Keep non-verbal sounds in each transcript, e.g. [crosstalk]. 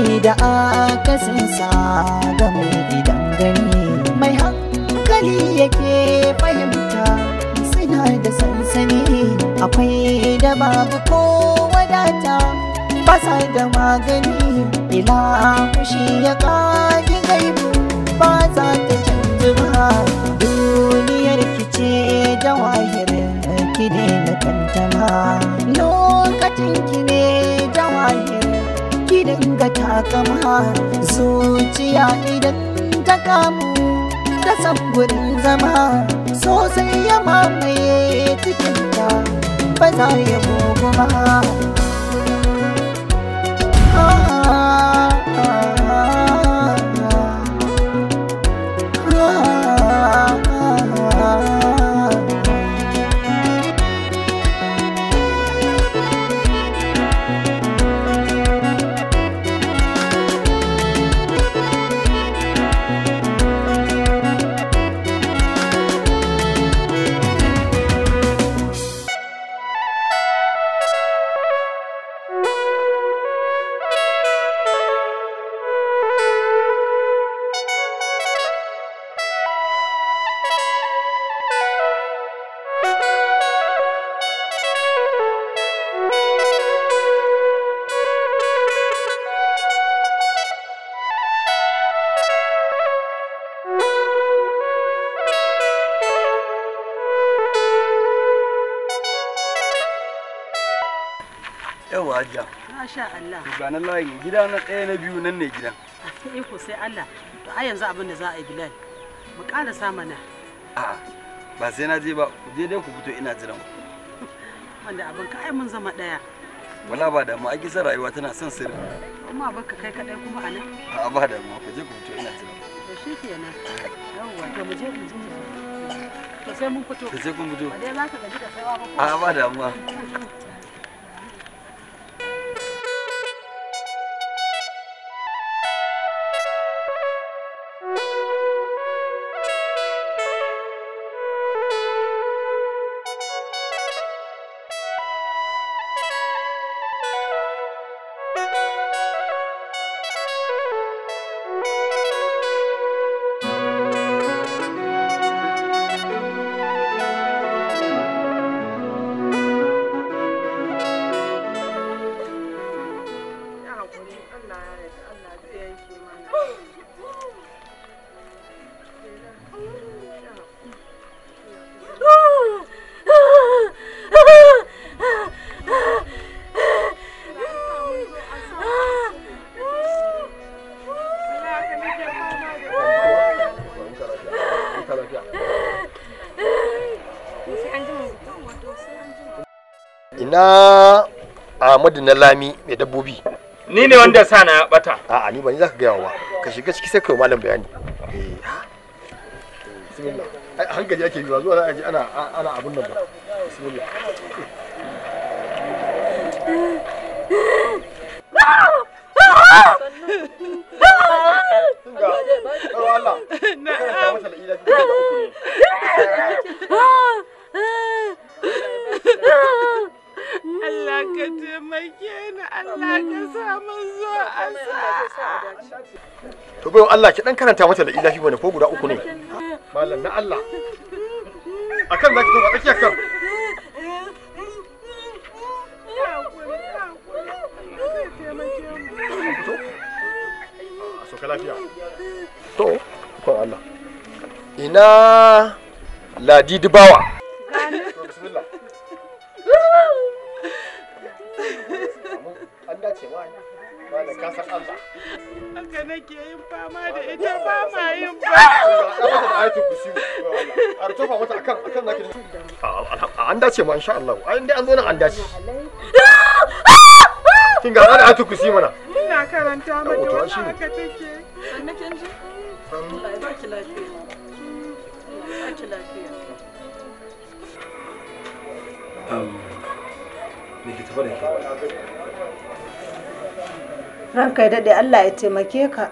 aiki da akasinsa ga mai gidan gani mai hankali yake fahimta suna da sansani akwai da babu ko wadata basa da magani ila fushi ya kaji gaibu ba za ta canji ba duniyar kice jawahirin ki ne na tantama dinga takama zuciya idan ta kamu ta san gurin zama sosai ya mamaye cikinta ba za ya bugu ba ah, yawa hajiya masha Allah ga nan layin gida na ɗaya na biyu nan ne gidan Eh ko sai Allah to a yanzu abin da za a yi Bilal mu ƙara sa mana a'a ba sai na je ba ku je dai ku fito ina jiran ku [laughs] wanda abin ka ai mun zama ɗaya wala ba da mu a kisa rayuwa tana son sirri kuma ba ka kai kaɗai kuma a a'a ba da mu ku je ku fito ina jiran to shi kenan yawwa to mu je mu je to sai mun fito to sai kun fito ba dai za ka gaji da sawa ba ko a ba da mu [laughs] na Ahmadu na Lami mai dabbobi ni ne wanda sa na bata A a ni ba ni zaka ga yawa. ka shiga ciki sai kai malam bayani eh bismillah hankali ake yiwa zuwa za a ji ana ana abun nan ba bismillah Allah ki dan karanta mata da ilahi bane ko guda uku ne malam na Allah akan zaki tofa tsakiyar kan ka lafiya to ko Allah ina ladi bawa da kasar Allah. Haka nake yin fama da ita ba ma yin fama. An dace ma insha Allah. Ai dai an zo nan an dace. Kin ga ana kusi mana. Ina karanta mata wannan haka take. ji? Allah ya baki lafiya. baki lafiya. Um, ke ranka ya daɗe Allah ya taimake ka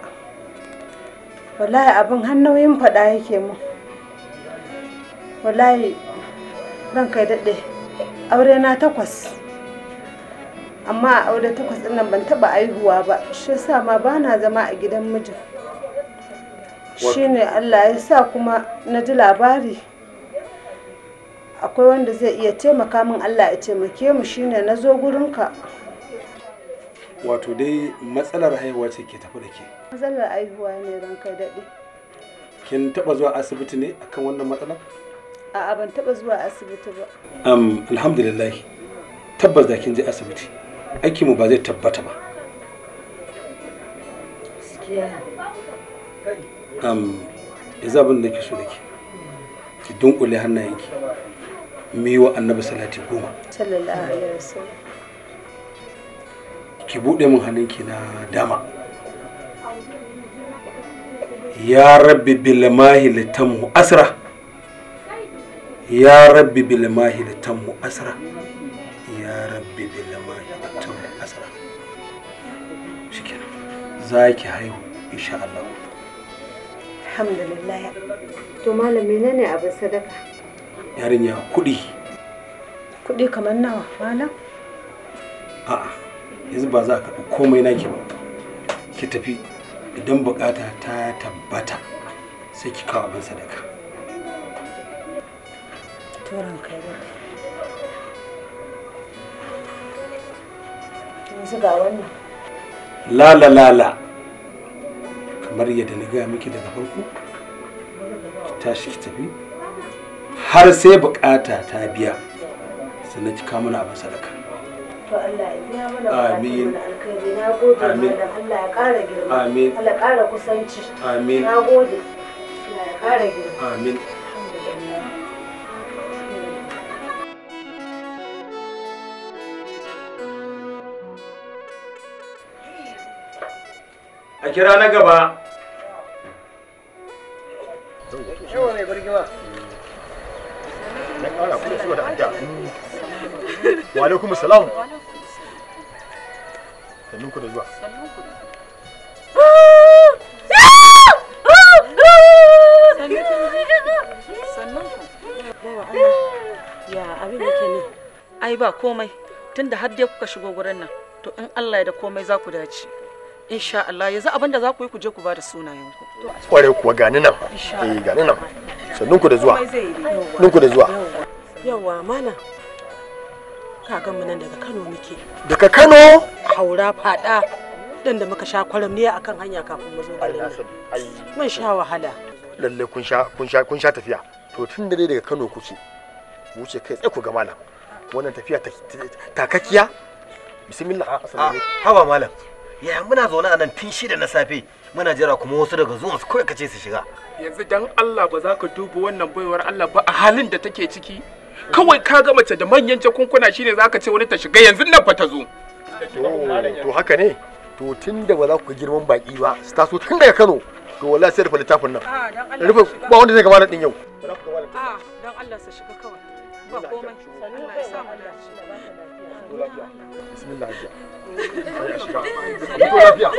wallahi abin hannoyin faɗa yake mu wallahi ranka ya daɗe aure na takwas amma a aure takwas ɗin nan ban taɓa aihuwa ba shi yasa ma ba na zama a gidan mijin shine Allah ya sa kuma na ji labari akwai wanda zai iya taimaka min Allah ya taimake mu shine na zo gurinka wato dai matsalar haihuwa ce ke tafi da ke matsalar haihuwa ne ranka daɗe kin taɓa zuwa asibiti ne akan wannan matsalar a'a ban taɓa zuwa asibiti ba alhamdulillah tabbas da kin je asibiti aiki mu ba zai tabbata ba am yanzu abin da ke so da ke ki dunkule hannayenki mu wa annabi salati goma sallallahu alaihi wasallam ki buɗe min hannunki na dama ya rabbi bil mahil tamu asra ya rabbi bil mahil tamu asra ya rabbi bil mahil tamu asra shikenan za ki haihu insha Allah alhamdulillah to malam menene abin sadaka yarinya kuɗi kuɗi kamar nawa malam a'a yanzu ba za ka karɓi komai naki ba ki tafi idan bukata ta tabbata sai ki kawo abin sadaka turan kai yanzu ga wannan lala lala kamar yadda na gaya miki daga farko ki tashi ki tafi har sai bukata ta biya sannan ki kawo mana abin sadaka to Allah ya biya mana amin alkhairi na gode amin Allah ya ƙara girma amin Allah ya ƙara kusanci amin na gode Allah ya ƙara girma amin a kira na gaba yawa mai birgima na ƙara da wa alaikum salam sannun ku da zuwa ya abin ne ai ba komai tunda har dai kuka shigo gurin nan to in Allah ya da komai za ku dace insha Allah yanzu abin da za ku yi ku je ku ba da sunayen ku kware kuwa gani nan eh gani nan sannun ku da zuwa nun ku da zuwa yawa mana kagan mu nan daga Kano muke daga Kano haura fada dan da muka sha kwaram ne akan hanya kafin mu zo garin nan mun sha wahala lalle kun sha kun sha kun sha tafiya to tun da dai daga Kano kuke wuce kai tsaye ku ga malam wannan tafiya takakkiya bismillah hawa malam yaya muna zaune a nan tun shida na safe muna jira kuma wasu daga zuwa zuwansu kawai kace su shiga yanzu dan Allah ba za ka duba wannan baiwar Allah ba a halin da take ciki kawai ka ga mace da manyan jakunkuna shine ka ce wani ta shiga yanzu nan fa ta zo oh, to haka ne to tunda ba za ku girman baki ba su taso tun daga Kano to wallahi sai rufe littafin nan ah, rufe ba wanda zai gaba din yau ah, dan Allah sa shiga kawai ba komai Allah ya sa mu lafiya bismillah [laughs] lafiya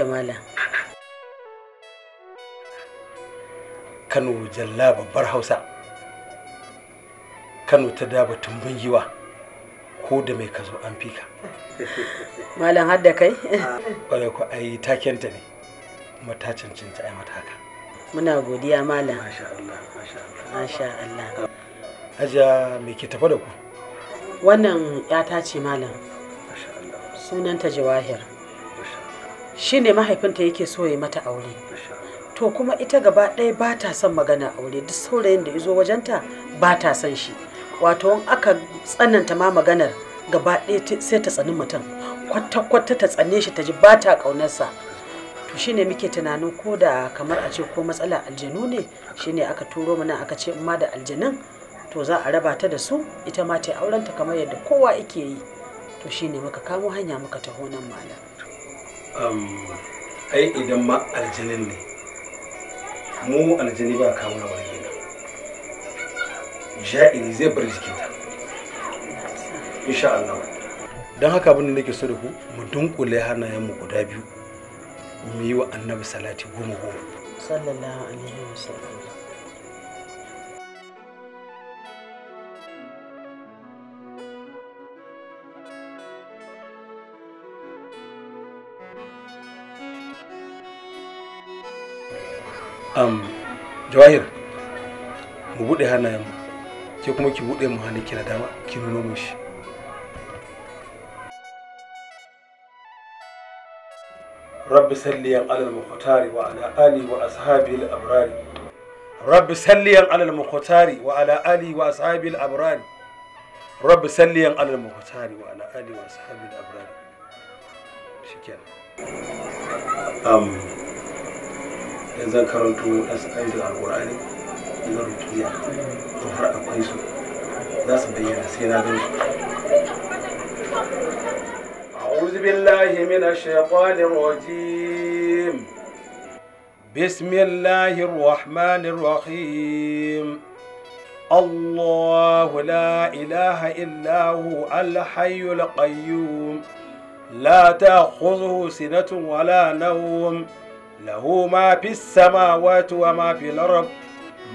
yake malam kano jalla babbar hausa kano ta daba tumbin yiwa ko da mai kazo an fika malam har da kai ƙwarai ku ai takenta ne kuma ta cancanta ai mata haka muna godiya malam masha Allah masha Allah aja me ke tafa da ku wannan yata ce malam sunanta jawahir shine mahaifinta yake so ya mata aure to kuma ita gaba ɗaya ba ta son magana aure duk saurayin da ya zo wajenta ba ta son shi wato in aka tsananta ma maganar gaba ɗaya sai ta tsani mutum kwata-kwata ta tsane shi ta ji ba ta ƙaunarsa to shine muke tunanin ko da kamar a ce ko matsala aljanu ne shine aka turo mana aka ce ma da aljanun to za a raba ta da su ita ma ta yi auren ta kamar yadda kowa yake yi to shine muka kamo hanya muka taho nan malam ai idan ma aljanin ne mu aljani ba kawo na wani gina ja'iri zai bar jikin ta insha Allah don haka abin da nake so da ku mu dunkule hannayen mu guda biyu mu yi wa annabi salati goma goma sallallahu alaihi wasallam um, jawahir mu buɗe hannayen mu ke kuma ki buɗe mu hannun ki na dama ki nuno mu shi rabbi salliyan alal mukhtari wa ala ali wa ashabi al abrari rabbi salliyan alal mukhtari wa ala ali wa ashabi al abrari rabbi salliyan alal mukhtari wa ala ali wa ashabi al abrari shikenan um in zan karanto wasu ayyukan alkur'ani na rukiya to har akwai su za su bayyana sai na gan su أعوذ بالله من الشيطان الرجيم بسم الله الرحمن الرحيم الله لا إله إلا هو الحي القيوم لا تأخذه سنة ولا نوم له ما في السماوات وما في الأرض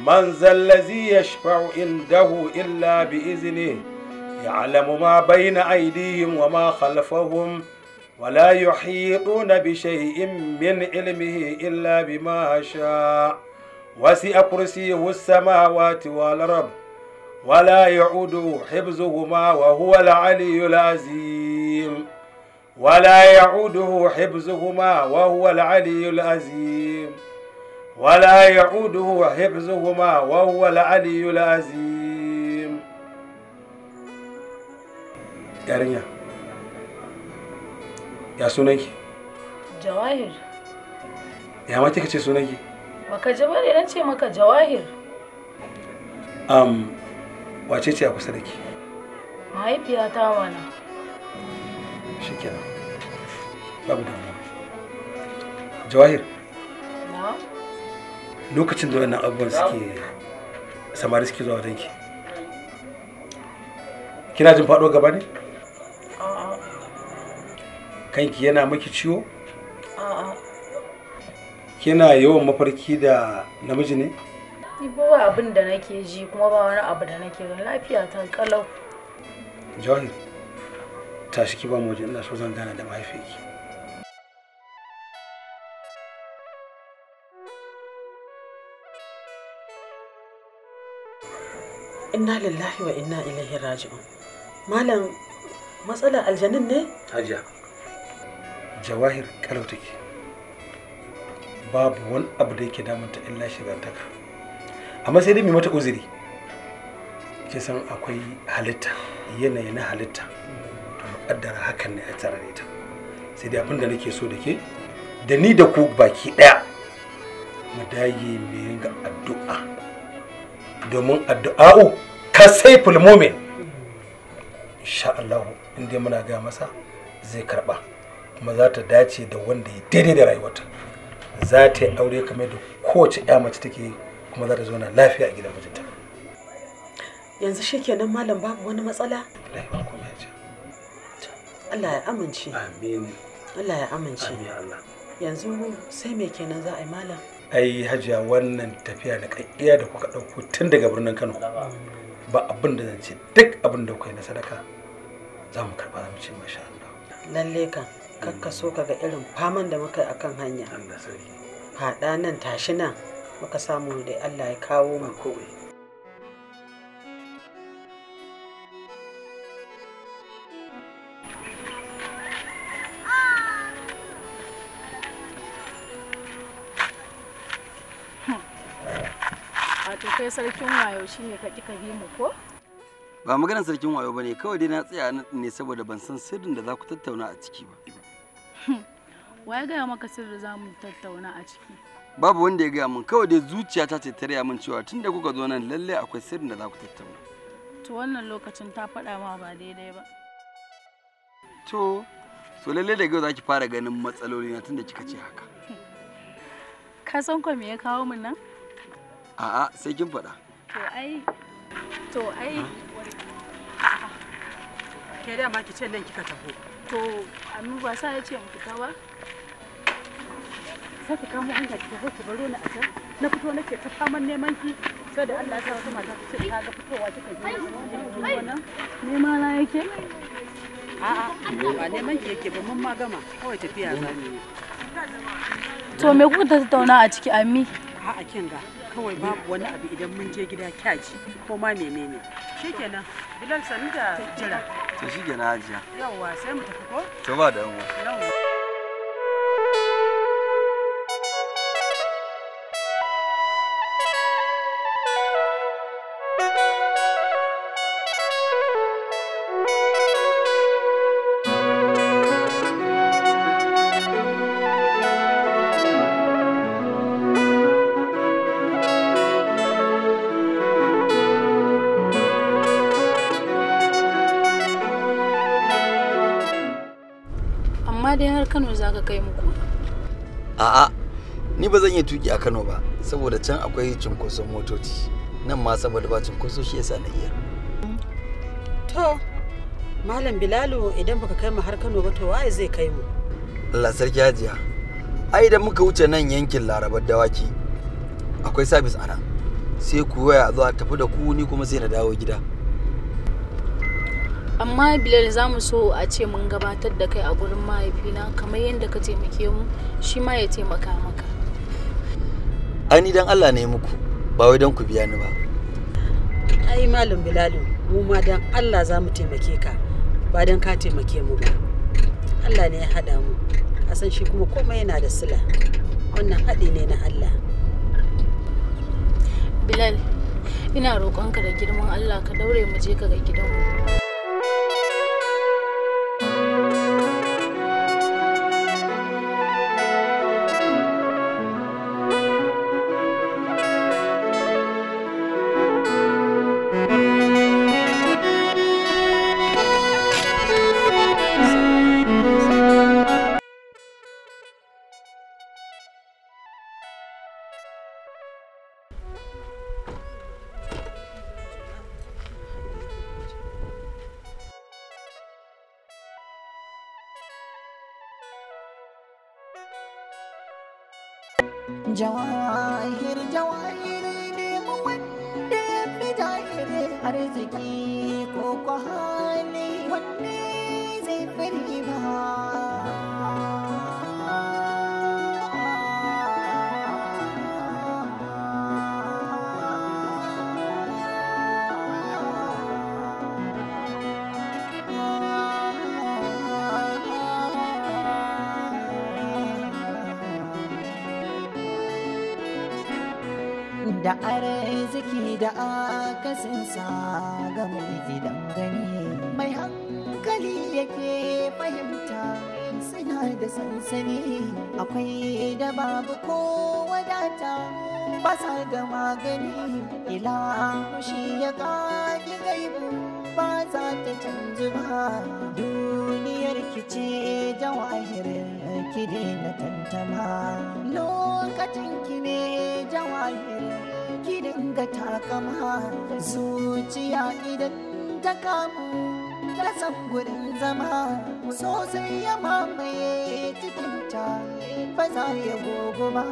من ذا الذي يشفع عنده إلا بإذنه يعلم ما بين أيديهم وما خلفهم ولا يحيطون بشيء من علمه إلا بما شاء وسع كرسيه السماوات والأرض ولا يعود حفظهما وهو العلي العظيم ولا يعوده حفظهما وهو العلي العظيم ولا يعوده حفظهما وهو العلي العظيم يارينيا يا سنيكي جواهر يا ما تيجي سنيكي baka ji bane na ce maka jawahir um wace ce a kusa da mahaifiyata mana shikenan babu damuwa jawahir lokacin da wannan abubuwan suke samari suke zuwa danki kina jin faɗo gaba ne kanki yana miki ciwo kina yawan mafarki da namiji ne ba abin da nake ji kuma ba wani abu da nake gani lafiya ta kalau jawahir tashi ki ba mu ina so zan gana da mahaifiyarki inna lillahi wa inna ilaihi raji'un malam matsalar aljanin ne hajiya jawahir kalau babu wani abu da yake damunta illa shigantaka amma sai dai mai mata uzuri ke san akwai halitta yanayi na halitta kaddara hakan ne a tare da sai dai abin da nake so da ke da ni da ku baki ɗaya mu dage mu ga addu'a domin addu'a'u ka sai mumin insha Allah in dai muna ga masa zai karba kuma za ta dace da wanda ya daidai da rayuwarta za ta yi aure kamar da kowace ya mace take kuma za ta zauna lafiya a gidan mijinta yanzu shikenan malam babu wani matsala Allah ya amince. Amin. Allah ya amince. Amin Allah. Yanzu sai me kenan za a yi malam? Ai hajiya wannan tafiya da kakkiya da kuka ɗauko tun daga birnin Kano. Ba abin da zan ce duk abin da kuka yi na sadaka za mu karɓa za mu ce masha Allah. Lalle kan kakka so ka ga irin faman da muka yi akan hanya. Allah sarki. Haɗa nan tashi nan muka samu da Allah ya kawo mu kowai. sarkin wayo shine ka kika ko? Ba maganar sarkin wayo bane kawai dai na tsaya ne saboda ban san sirrin da za ku tattauna a ciki ba. Hmm. Waye gaya maka sirri za mu tattauna a ciki? Babu wanda ya gaya min kawai dai zuciyata ce ta min cewa tun da kuka zo nan lallai akwai sirrin da za ku tattauna. To wannan lokacin ta faɗa ma ba daidai ba. To, so lallai da yau za ki fara ganin matsaloli na tun da kika ce haka. Hmm. Ka san ko me ya kawo min nan? a'a sai kin faɗa to ai to ai ke da ma nan kika taho to ba sa ya ce mu fita ba sai ka kamo hanya ki taho ki baro ni a can na fito nake ta faman neman ki sai da Allah ya sa wata mata ta ce ta ga fitowa kika nema na yake a'a ba neman ki yake ba mun ma gama kawai tafiya za mu to me kuka tattauna a ciki ammi a'a kin ga kawai babu wani abu idan mun je gida kyaji ko ma menene shikenan bilal sanu da jira to shikenan ajiya yawwa sai mu tafi ko to ba da yawwa dai har Kano za ka kai muku. A'a, ni ba zan iya tuki a Kano ba, saboda can akwai cunkoson motoci. Nan ma saboda ba cunkoso shi yasa na iya. To, Malam Bilalu idan baka kai mu har Kano ba to waye zai kai mu? Allah sarki hajiya. Ai da muka wuce nan yankin Larabar Dawaki, akwai sabis a nan. Sai ku waya zuwa tafi da ku ni kuma sai na dawo gida. amma bilal za mu so a ce mun gabatar da kai a gurin mahaifina kamar yadda ka taimake mu shi ma ya taimaka maka ni dan allah ne muku ba wai don ku biya ni ba ai malam bilalu mu ma dan allah za mu taimake ka ba don ka taimake mu ba allah ne ya hada mu a san shi kuma komai yana da sila wannan haɗi ne na allah bilal ina roƙonka da girman allah ka daure mu je ka ga gidanmu 骄傲。da arziki da sa ga mai gidan gani mai hankali yake fahimta suna da sansani akwai da babu ko wadata ba sa da magani ila shi ya kage gaibu ba za ta canji ba duniyar kice jawahirin ki daina tantama lokacin kine ne ki dinga takama zuciya idan ta kamu ta san gudun zama sosai ya mamaye cikinta ba za ya goguma.